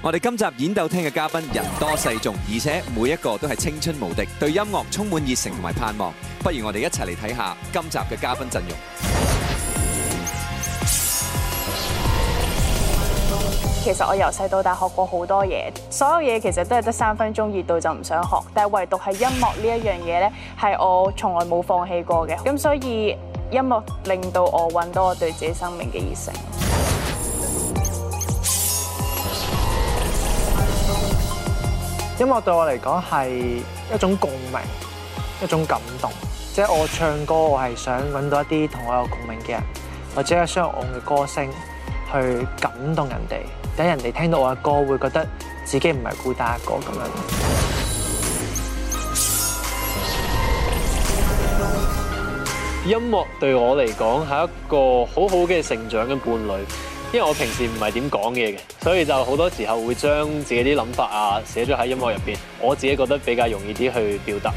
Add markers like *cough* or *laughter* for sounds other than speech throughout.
我哋今集演奏廳嘅嘉賓人多勢眾，而且每一個都係青春無敵，對音樂充滿熱誠同埋盼望。不如我哋一齊嚟睇下今集嘅嘉賓陣容。其實我由細到大學過好多嘢，所有嘢其實都係得三分鐘熱度就唔想學，但係唯獨係音樂呢一樣嘢咧，係我從來冇放棄過嘅。咁所以音樂令到我搵到我對自己生命嘅熱誠。音樂對我嚟講係一種共鳴，一種感動。即係我唱歌，我係想搵到一啲同我有共鳴嘅人，或者係想用我嘅歌聲去感動人哋。等人哋聽到我嘅歌，會覺得自己唔係孤單一個咁樣。音樂對我嚟講係一個好好嘅成長嘅伴侶，因為我平時唔係點講嘢嘅，所以就好多時候會將自己啲諗法啊寫咗喺音樂入邊，我自己覺得比較容易啲去表達。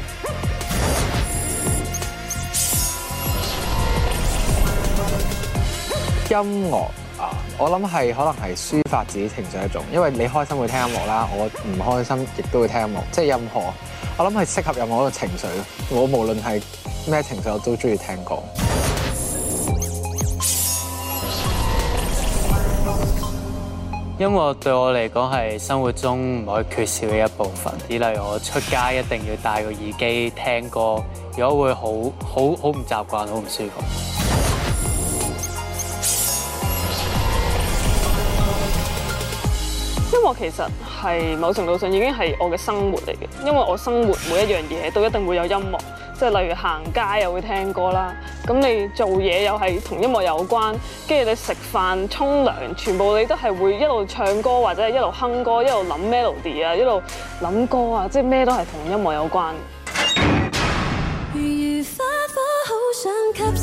音樂。我諗係可能係抒發自己情緒一種，因為你開心會聽音樂啦，我唔開心亦都會聽音樂，即係任何我諗係適合任何一個情緒咯。我無論係咩情緒我都中意聽歌。音樂對我嚟講係生活中唔可以缺少嘅一部分，以例如我出街一定要戴個耳機聽歌，如果會好好好唔習慣，好唔舒服。音樂其實係某程度上已經係我嘅生活嚟嘅，因為我生活每一樣嘢都一定會有音樂，即係例如行街又會聽歌啦，咁你做嘢又係同音樂有關，跟住你食飯、沖涼，全部你都係會一路唱歌或者係一路哼歌，一路諗 melody 啊，一路諗歌啊，即係咩都係同音樂有關。如如花火好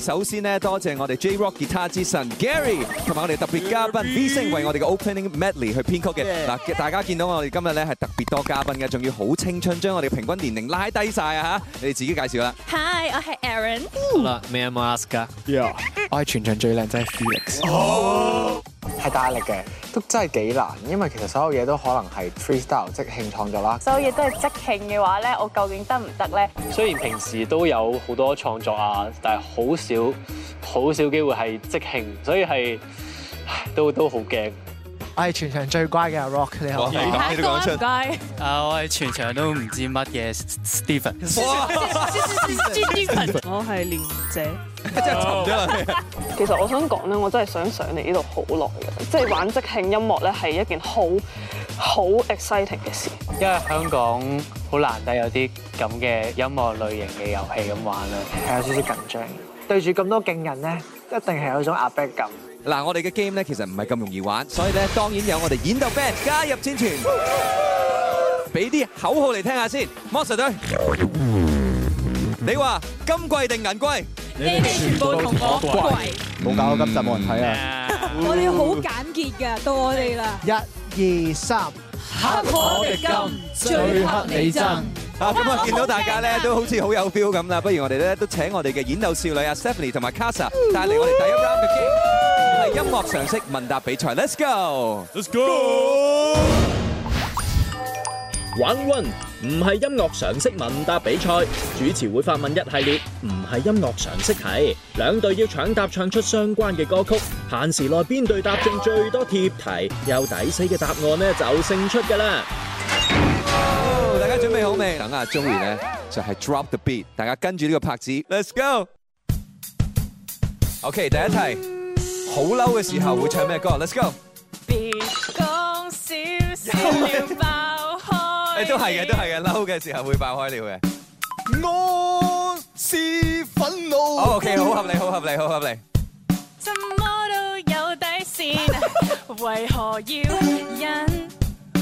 首先呢，多謝我哋 J Rock 吉他之神 Gary，同埋我哋特別嘉賓 V 星為我哋嘅 Opening Medley 去編曲嘅。嗱，大家見到我哋今日咧係特別多嘉賓嘅，仲要好青春，將我哋平均年齡拉低晒啊吓！你哋自己介紹啦。Hi，我係 Aaron。好啦，Manasco，yeah，我係全場最靚仔。Felix。 *laughs* *laughs* 係大壓力嘅，都真係幾難，因為其實所有嘢都可能係 freestyle 即興創作啦。所有嘢都係即興嘅話咧，我究竟得唔得咧？雖然平時都有好多創作啊，但係好少好少機會係即興，所以係唉，都都好驚。我係全場最乖嘅 Rock，你好乖。講嘢都講出，唔該。啊，我係全場都唔知乜嘢 Stephen。我係蓮姐。真係沉咗落嚟。其實我想講咧，我真係想上嚟呢度好耐㗎，即係玩即興音樂咧係一件好好 exciting 嘅事。因為香港好難得有啲咁嘅音樂類型嘅遊戲咁玩啊，係有少少緊張。對住咁多勁人咧，一定係有種壓迫感。嗱，我哋嘅 game 咧，其實唔係咁容易玩，所以咧當然有我哋演鬥 band 加入戰團，俾啲口號嚟聽下先，Monster 隊，你話金貴定銀貴？你哋全部同我貴。冇搞到金就冇人睇、嗯、啊！ *laughs* 我哋好簡潔嘅，到我哋啦，一二三，黑可敵金，最黑你真。啊！咁啊，見到大家咧都好似好有 feel 咁啦，不如我哋咧都請我哋嘅演奏少女阿 Stephanie 同埋 Casa 帶嚟我哋第一 round 嘅 game，係音樂常識問答比賽。Let's go！Let's go！One go. One 唔係音樂常識問答比賽，yeah. 主持會發問一系列，唔係音樂常識題。Yes. 兩隊要搶答唱出相關嘅歌曲，限時內邊隊答中最多貼題又抵死嘅答案呢就勝出㗎啦！大家準備好未？等啊，Joey 咧就係 drop the beat，大家跟住呢個拍子，Let's go。OK，第一題，好嬲嘅時候會唱咩歌？Let's go。別講少少要爆開，都係嘅，都係嘅，嬲嘅時候會爆開了嘅。我是憤怒。OK，好合理，好合理，好合理。怎麼都有底線，為何要忍？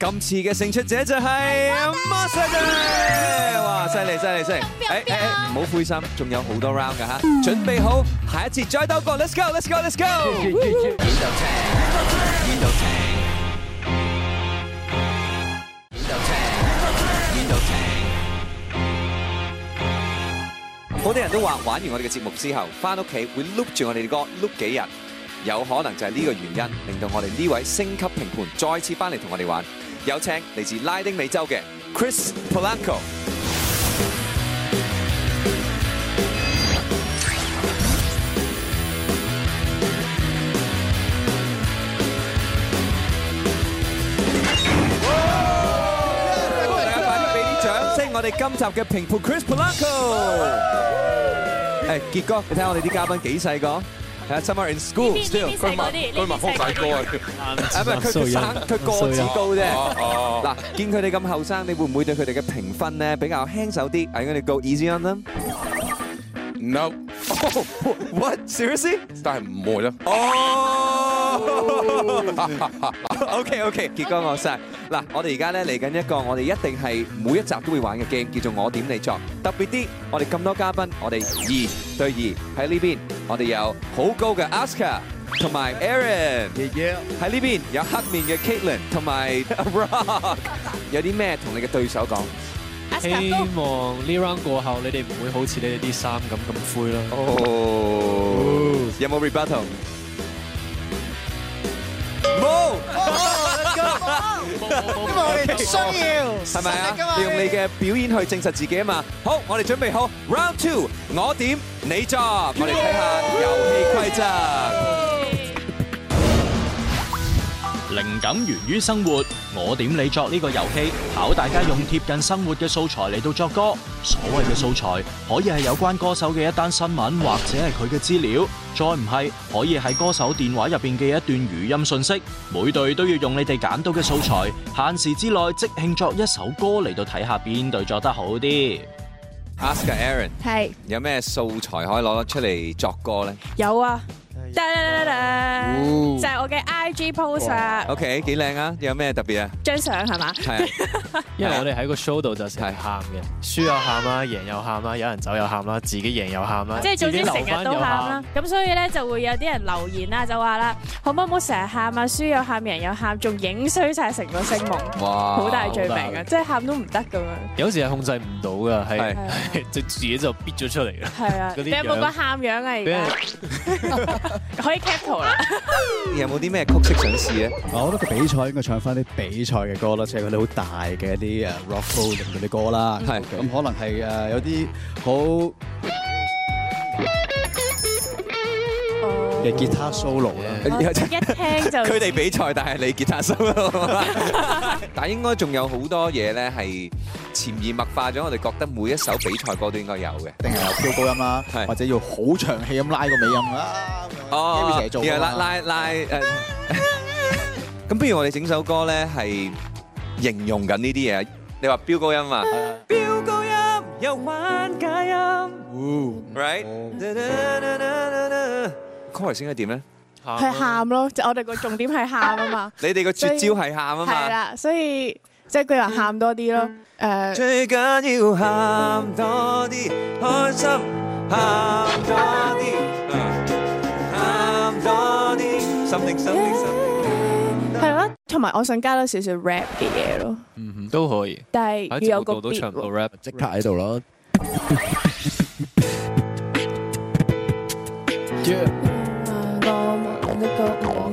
今次嘅勝出者就係 Masada，哇，犀利犀利犀利！誒誒，唔好灰心，仲有好多 round 㗎吓，準備好，下一次再鬥過，Let's go，Let's go，Let's go！好啲人都話玩完我哋嘅節目之後，翻屋企會 look 住我哋個歌 loop 幾日。有可能就係呢個原因，令到我哋呢位星級評判再次翻嚟同我哋玩。有請嚟自拉丁美洲嘅 Chris Polanco。大家快啲俾啲掌聲！我哋今集嘅評判 Chris Polanco。誒，傑哥，你睇我哋啲嘉賓幾細個？係，some are in school still，佢咪佢咪哭曬歌，係咪佢生佢個子高啫？嗱，見佢哋咁後生，你會唔會對佢哋嘅評分咧比較輕手啲？係應該你 go easy on them？No。What seriously？但係唔會啦。O K O K，杰哥我晒嗱，我哋而家咧嚟緊一個我哋一定係每一集都會玩嘅 game，叫做我點你作。特別啲，我哋咁多嘉賓，我哋二對二喺呢邊，我哋有好高嘅 Aska 同埋 Aaron，喺呢邊有黑面嘅 Kaitlyn 同埋 Abrax，有啲咩同你嘅對手講？希望呢 round 過後你哋唔會好似你哋啲衫咁咁灰啦。哦，有冇 rebuttal？冇，因為我哋需要，係咪啊？要你用你嘅表演去證實自己啊嘛！好，我哋準備好 round two，我點你作，oh，我哋睇下遊戲規則。Oh, 靈感源於生活，我點你作呢個遊戲，考大家用貼近生活嘅素材嚟到作歌。所謂嘅素材可以係有關歌手嘅一單新聞，或者係佢嘅資料，再唔係可以係歌手電話入邊嘅一段語音信息。每隊都要用你哋揀到嘅素材，限時之內即興作一首歌嚟到睇下邊隊作得好啲。Ask Aaron，係有咩素材可以攞出嚟作歌呢？有啊。 *music* 就係、是、我嘅 IG pose 啊，OK，幾靚啊，有咩特別啊？張相係嘛？ *laughs* 因為我哋喺個 show 度就係喊嘅，輸又喊啦，贏又喊啦，有人走又喊啦，自己贏又喊啦，即 *laughs* 係總之成日都喊啦。咁 *laughs* 所以咧就會有啲人留言啦，就話啦，好唔好成日喊啊？輸又喊，贏又喊，仲影衰晒成個聲夢，哇，好大罪名啊！即係喊都唔得咁樣。有時係控制唔到㗎，係就 *laughs* 自己就逼咗出嚟啦。係啊， *laughs* 你有冇個喊樣啊？而家？可以 cap 圖啦。有冇啲咩曲式想試咧？我覺得個比賽應該唱翻啲比賽嘅歌啦，即係嗰啲好大嘅一啲啊 rock f o l d i n g 啲歌啦。係，咁可能係誒有啲好。嘅吉他 solo 咧，一聽就佢哋比賽，但係你吉他 solo，但係應該仲有好多嘢咧係潛移默化咗，我哋覺得每一首比賽歌都應該有嘅，定係有飆高音啦，係或者要好長氣咁拉個尾音啦，哦，係拉拉拉。咁不如我哋整首歌咧係形容緊呢啲嘢，你話飆高音嘛？飆高音又玩高音，Right？哭嚟先係點咧？係喊咯，就我哋個重點係喊啊嘛！你哋個絕招係喊啊嘛！係啦，所以即係佢話喊多啲咯，誒。最緊要喊多啲開心，喊多啲。係咯，同埋我想加多少少 rap 嘅嘢咯。嗯哼，都可以。但係要個個都唱到 rap 喎。即刻喺度咯。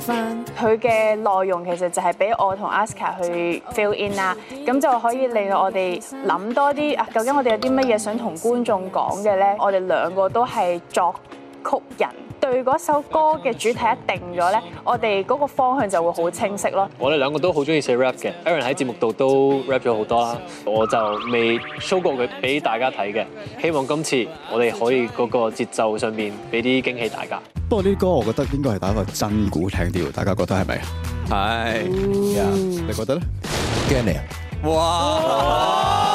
佢嘅內容其實就係俾我同 Aska 去 fill in 啦，咁就可以令到我哋諗多啲啊！究竟我哋有啲乜嘢想同觀眾講嘅呢？我哋兩個都係作曲人。如果首歌嘅主題一定咗咧，我哋嗰個方向就會好清晰咯。我哋兩個都好中意寫 rap 嘅，Aaron 喺節目度都 rap 咗好多啦，我就未 show 過佢俾大家睇嘅。希望今次我哋可以嗰個節奏上面俾啲驚喜大家喜。不過呢啲歌我覺得應該係打個真鼓聽啲喎，大家覺得係咪？係、哎，yeah. Yeah. 你覺得咧？Glen，哇！哦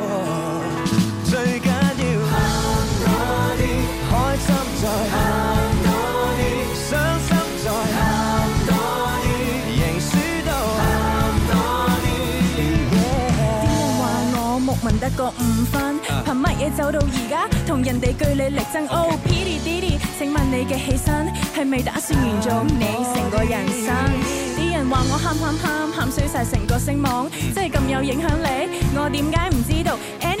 五分憑乜嘢走到而家？同人哋據理力爭，Okay. 哦。哦 p d d d t y 請問你嘅起身係咪打算完咗你成個人生？啲人話我喊喊喊喊衰晒成個聲夢真係咁有影響你？我點解唔知道 Any-？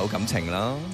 有感情啦～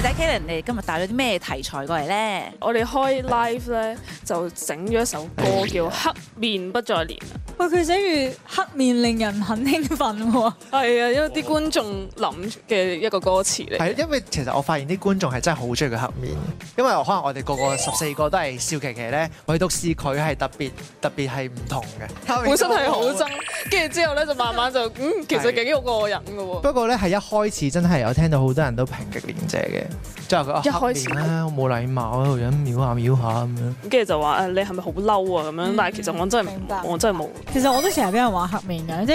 大家 Kalin，你今日帶咗啲咩題材過嚟咧？我哋開 live 咧就整咗一首歌叫《黑面不再連》。哇、哎！佢寫住黑面令人很興奮喎。係啊，因為啲觀眾諗嘅一個歌詞嚟。係因為其實我發現啲觀眾係真係好中意佢黑面。因為可能我哋個個十四個都係笑騎騎咧，唯獨是佢係特別特別係唔同嘅。本身係好憎，跟住之後咧就慢慢就嗯，其實幾有個人嘅喎。不過咧係一開始真係我聽到好多人都評極連姐嘅。即係一開始咧，我冇禮貌喺度，個人瞄下瞄下咁樣，跟住就話，誒，你係咪好嬲啊咁樣？但係其實我真係，我真係冇。其實我都成日俾人話黑面嘅，即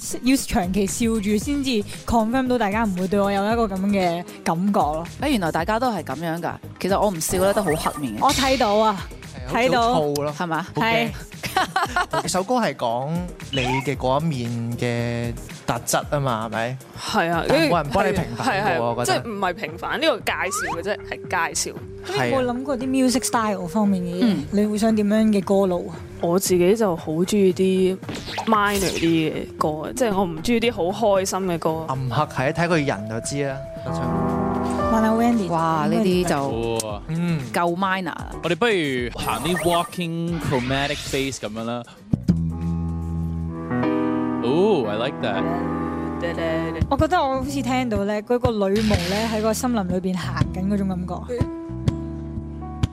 係要長期笑住先至 confirm 到大家唔會對我有一個咁嘅感覺咯。誒，原來大家都係咁樣噶其實我唔笑咧都好黑面。我睇到啊。睇到咯，係嘛？係 *laughs* 首歌係講你嘅嗰一面嘅特質啊嘛，係咪？係啊，冇人幫你平反嘅，即係唔係平反，呢、啊這個介紹嘅啫，係介紹。你有冇諗過啲 music style 方面嘅嘢、嗯？你會想點樣嘅歌路啊？我自己就好中意啲 minor 啲嘅歌，即、就、係、是、我唔中意啲好開心嘅歌。暗黑係啊，睇佢人就知啦。唱、嗯。哇！呢啲就嗯夠 minor。我哋不如行啲 walking chromatic bass 咁樣啦。Oh, I like that。我覺得我好似聽到咧，嗰個女巫咧喺個森林裏邊行緊嗰種感覺。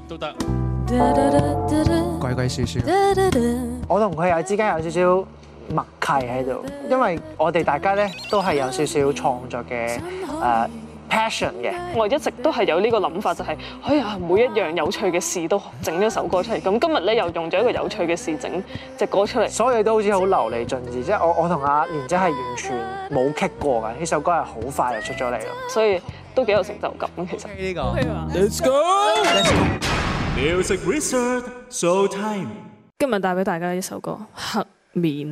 都得。鬼鬼祟祟。我同佢又之間有少少默契喺度，因為我哋大家咧都係有少少創作嘅誒。呃 Passion 嘅，我一直都係有呢個諗法，就係哎呀，每一樣有趣嘅事都整咗首歌出嚟。咁今日咧又用咗一個有趣嘅事整隻歌出嚟，所以都好似好流利盡致。即係我我同阿蓮姐係完全冇棘過嘅，呢首歌係好快就出咗嚟咯，所以都幾有成就感。其實呢個，Let's go。Music Research Showtime。今日帶俾大家一首歌《黑面》。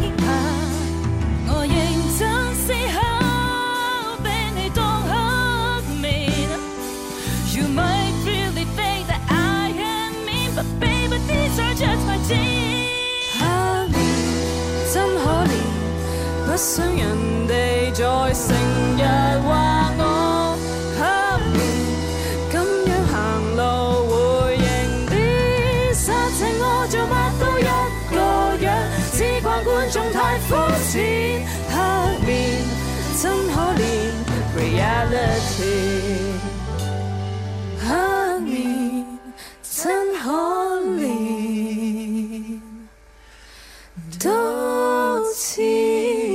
不想人哋在成日話我黑面，咁樣行路會型啲。實情我做乜都一個樣，只怪觀眾太膚淺。黑面真可憐，Reality。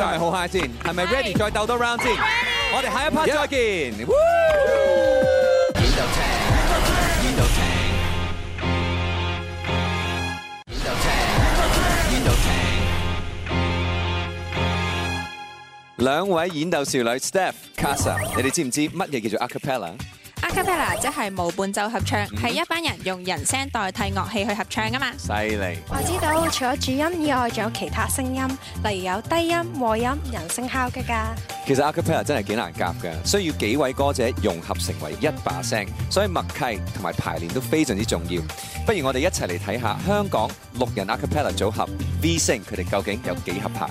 就係好嗨先，係咪 Ready？再鬥多 round 先，我哋下一 part 再見。兩位演鬥少女 Steph、Kasa，你哋知唔知乜嘢叫做 A cappella？Acapella 即係無伴奏合唱，係一班人用人聲代替樂器去合唱㗎嘛！犀利！我知道除咗主音以外，仲有其他聲音，例如有低音、和音、人聲敲擊㗎。其實 Acapella 真係幾難夾㗎，需要幾位歌者融合成為一把聲，所以默契同埋排練都非常之重要。不如我哋一齊嚟睇下香港六人 Acapella 組合 VSing，佢哋究竟有幾合拍？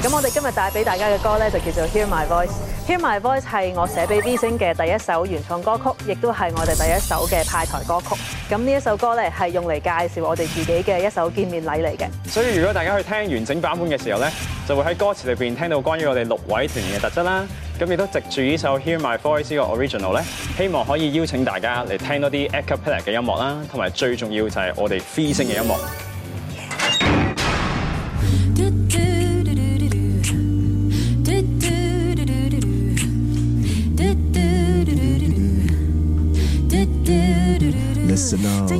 咁我哋今日帶俾大家嘅歌咧就叫做《Hear My Voice》，《Hear My Voice》係我寫俾 V 星嘅第一首原創歌曲，亦都係我哋第一首嘅派台歌曲。咁呢一首歌咧係用嚟介紹我哋自己嘅一首見面禮嚟嘅。所以如果大家去聽完整版本嘅時候咧，就會喺歌詞裏邊聽到關於我哋六位成員嘅特質啦。咁亦都藉住呢首《Hear My Voice》呢個 original 咧，希望可以邀請大家嚟聽多啲 a c o p i l l a 嘅音樂啦，同埋最重要就係我哋 V 星嘅音樂。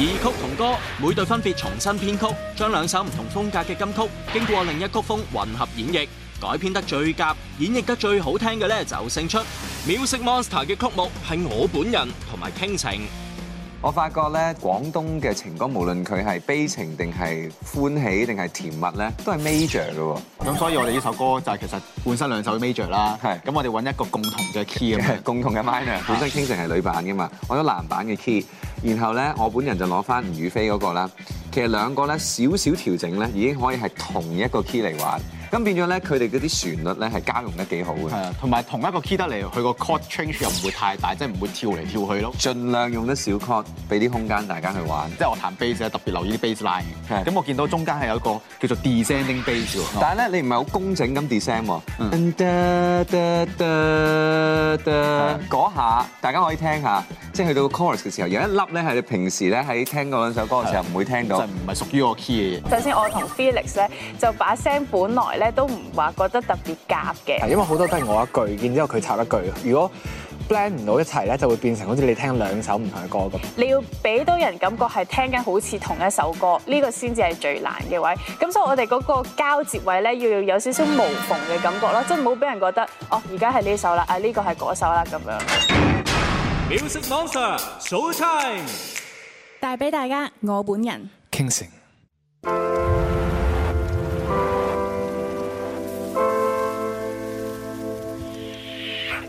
二曲同歌，每隊分別重新編曲，將兩首唔同風格嘅金曲，經過另一曲風混合演繹，改編得最夾，演繹得最好聽嘅呢就勝出。Music Monster 嘅曲目係我本人同埋傾情。我發覺咧，廣東嘅情歌，無論佢係悲情定係歡喜定係甜蜜咧，都係 major 嘅。咁所以我哋呢首歌就係其實本身兩首 major 啦。係。咁我哋揾一個共同嘅 key，共同嘅 minor。本身傾城係女版嘅嘛，揾咗男版嘅 key。然後咧，我本人就攞翻吳雨霏嗰個啦。其實兩個咧少少調整咧，已經可以係同一個 key 嚟玩。咁變咗咧，佢哋嗰啲旋律咧係交融得幾好嘅。係啊，同埋同一個 key 得嚟，佢個 chord change 又唔會太大，即係唔會跳嚟跳去咯。盡量用得少 chord，俾啲空間大家去玩。即係我彈 bass 啊，特別留意啲 bass line。係。咁我見到中間係有一個叫做 descending bass 喎。但係咧，你唔係好工整咁 descending。嗯。嗰下大家可以聽下，即係去到 chorus 嘅時候，有一粒咧係你平時咧喺聽嗰兩首歌嘅時候唔會聽到，就唔係屬於我 key 嘅嘢。首先我同 Felix 咧就把聲本來，咧都唔話覺得特別夾嘅，因為好多都係我一句，然之後佢插一句。如果 blend 唔到一齊咧，就會變成好似你聽兩首唔同嘅歌咁。你要俾到人感覺係聽緊好似同一首歌，呢個先至係最難嘅位。咁所以，我哋嗰個交接位咧，要有少少無縫嘅感覺咯，即唔好俾人覺得哦，而家係呢首啦，啊呢個係嗰首啦咁樣。Music Monster show 帶俾大家我本人傾城。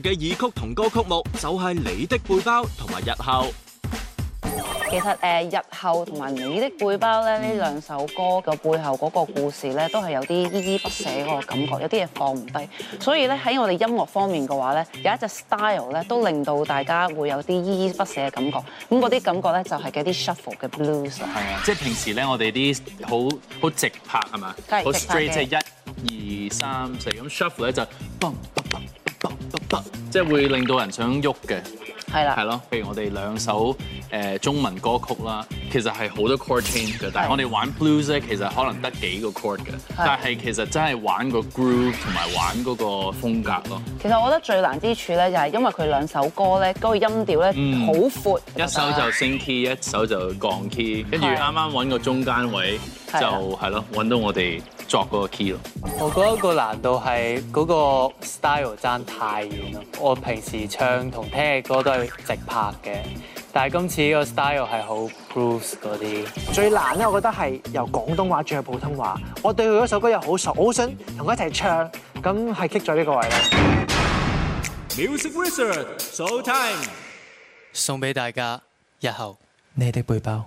嘅二曲同歌曲目就係、是、你的背包同埋日後。其實誒，日後同埋你的背包咧，呢兩首歌嘅背後嗰個故事咧，都係有啲依依不捨嗰個感覺，有啲嘢放唔低。所以咧喺我哋音樂方面嘅話咧，有一隻 style 咧都令到大家會有啲依依不捨嘅感覺。咁嗰啲感覺咧就係一啲 shuffle 嘅 blues 係啊，即係平時咧我哋啲好好直拍係嘛，好 straight 即係一、二、三、四，咁 shuffle 咧就都得，即係會令到人想喐嘅，係啦，係咯。譬如我哋兩首誒中文歌曲啦，其實係好多 chord change 嘅，但係我哋玩 blues 呢，其實可能得幾個 chord 嘅，但係其實真係玩個 groove 同埋玩嗰個風格咯。其實我覺得最難之處咧，就係因為佢兩首歌咧，嗰個音調咧好闊，嗯，一首就升 key，一首就降 key，跟住啱啱揾個中間位就係咯，揾到我哋。作嗰個 key 咯，我覺得個難度係嗰個 style 爭太遠啦。我平時唱同聽嘅歌都係直拍嘅，但係今次個 style 係好 blues 嗰啲。最難咧，我覺得係由廣東話轉去普通話我。我對佢嗰首歌又好熟，好想同佢一齊唱。咁係 kick 咗呢個位啦。Music wizard show time，送俾大家。日後你的背包。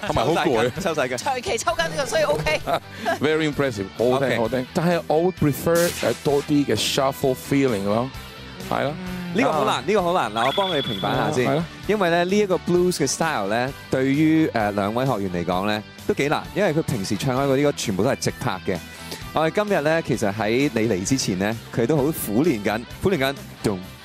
同埋好攰，抽晒㗎。長期抽筋嘅，所以 OK。Very impressive，好聽好聽。好聽好聽好聽，但係我會 prefer 誒多啲嘅 shuffle feeling 咯，係咯。呢個好難，呢個好難。嗱，我幫你平反下先。因為咧呢一個 blues 嘅 style 咧，對於誒兩位學員嚟講咧都幾難，因為佢平時唱開嗰啲歌全部都係直拍嘅。我哋今日咧其實喺你嚟之前咧，佢都好苦練緊，苦練緊仲。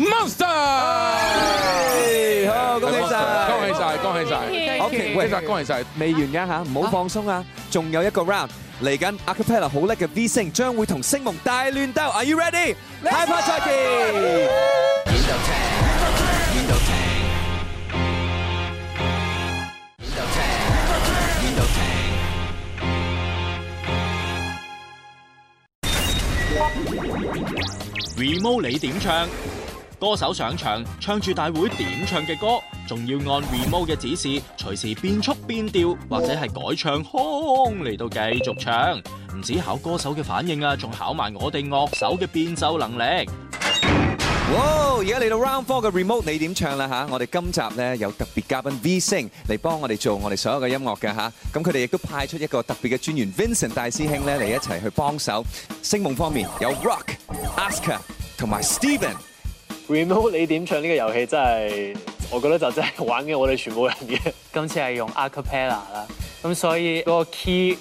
Monster，好恭喜曬，恭喜曬，恭喜曬，OK，恭喜曬，恭喜曬。未完嘅吓，唔好放鬆啊，仲有一個 round，嚟緊 a cappella 好叻嘅 VSing 將會同聲夢大亂鬥，Are you ready？下 part 再見。，Remote 你點唱，歌手上場唱住大會點唱嘅歌，仲要按 Remote 嘅指示，隨時變速變調，或者係改唱腔嚟到繼續唱。唔止考歌手嘅反應啊，仲考埋我哋樂手嘅變奏能力。哇！而家嚟到 wow, Round Four 嘅 Remote 你點唱啦吓？我哋今集咧有特別嘉賓 V Sing 嚟幫我哋做我哋所有嘅音樂嘅吓。咁佢哋亦都派出一個特別嘅專員 Vincent 大師兄咧嚟一齊去幫手。聲夢方面有 Rock。阿 scar 同埋 Steven，Remote 你點唱呢個遊戲真係，我覺得就真係玩嘅我哋全部人嘅。今次係用 acapella 啦，咁所以嗰個 key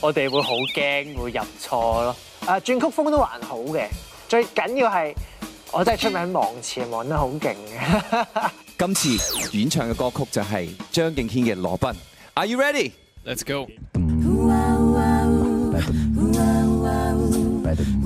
我哋會好驚會入錯咯。啊，轉曲風都還好嘅，最緊要係我真係出名忘詞，忘得好勁嘅。今次演唱嘅歌曲就係張敬軒嘅《羅賓》。Are you ready? Let's go. *laughs* *laughs*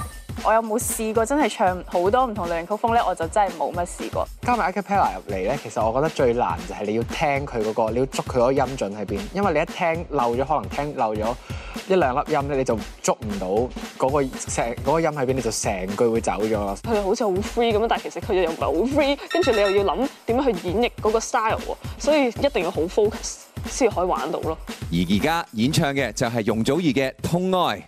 我有冇試過真係唱好多唔同類型曲風咧？我就真係冇乜試過。加埋 acapella 入嚟咧，其實我覺得最難就係你要聽佢嗰個，你要捉佢嗰音準喺邊。因為你一聽漏咗，可能聽漏咗一兩粒音咧，你就捉唔到嗰個成嗰個音喺邊，你就成句會走咗。佢好似好 free 咁，但係其實佢又唔係好 free。跟住你又要諗點樣去演繹嗰個 style 喎，所以一定要好 focus 先可以玩到咯。而而家演唱嘅就係容祖兒嘅《痛愛》。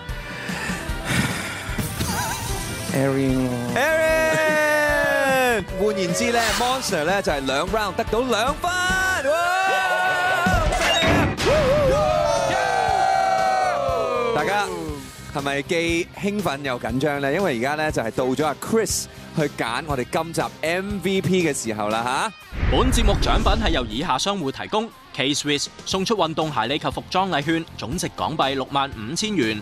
a r o n 換言之咧，yeah.Monster 咧就係兩 round 得到兩分。Yeah. Yeah. Yeah. Yeah. Yeah. Yeah. Yeah. Yeah. 大家係咪既興奮又緊張咧？因為而家咧就係到咗阿 Chris 去揀我哋今集 MVP 嘅時候啦嚇。本節目獎品係由以下商戶提供 k s w i s e 送出運動鞋、禮及服裝禮券，總值港幣六萬五千元。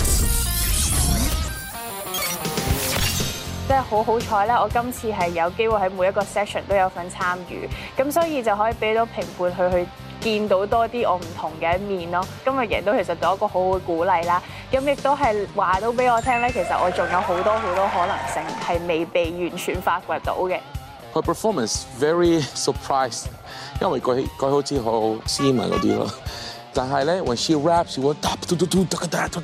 真係好好彩咧！我今次係有機會喺每一個 session 都有份參與，咁所以就可以俾到評判佢去見到多啲我唔同嘅一面咯。今日贏到其實都一個好好嘅鼓勵啦，咁亦都係話到俾我聽咧，其實我仲有好多好多可能性係未被完全發掘到嘅。佢 performance very surprised，因為佢佢好似好斯文嗰啲咯，但係咧，when she raps，佢會突突突突突突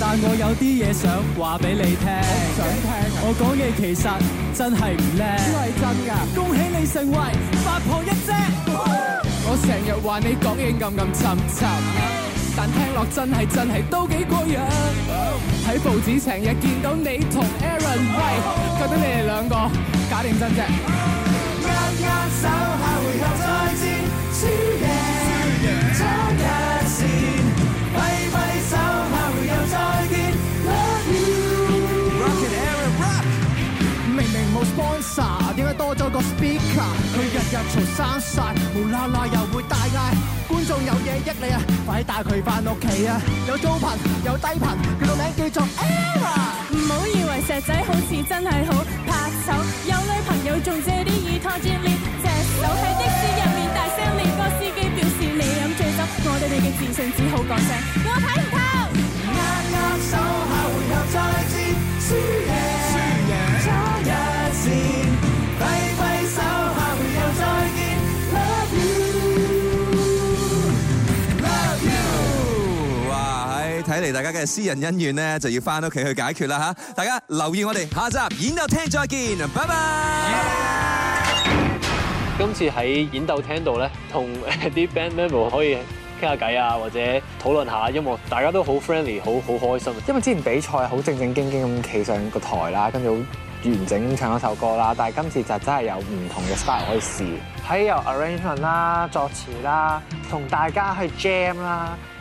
但我有啲嘢想話俾你聽，我想聽我講嘢其實真係唔叻，呢個係真㗎。恭喜你成為八婆一姐，我成日話你講嘢暗暗沉沉，但聽落真係真係都幾過癮。喺報紙成日見到你同 Aaron，喂，快啲你哋兩個，假定真啫！握握手，下回合再點解多咗個 speaker？佢日日嘈生晒，無啦啦又會大嗌，觀眾有嘢益你啊，快啲帶佢翻屋企啊！有租頻，有低頻，佢個名叫做 L。M 大家嘅私人恩怨咧就要翻屋企去解決啦吓！大家留意我哋下集演奏廳再見，拜拜。Yeah。今次喺演奏廳度咧，同啲 band member 可以傾下偈啊，或者討論下音樂，大家都好 friendly，好好開心啊。因為之前比賽好正正經經咁企上個台啦，跟住好完整唱一首歌啦，但係今次就真係有唔同嘅 style 可以試，喺、mm-hmm. 由 arrangement 啦、作詞啦，同大家去 jam 啦。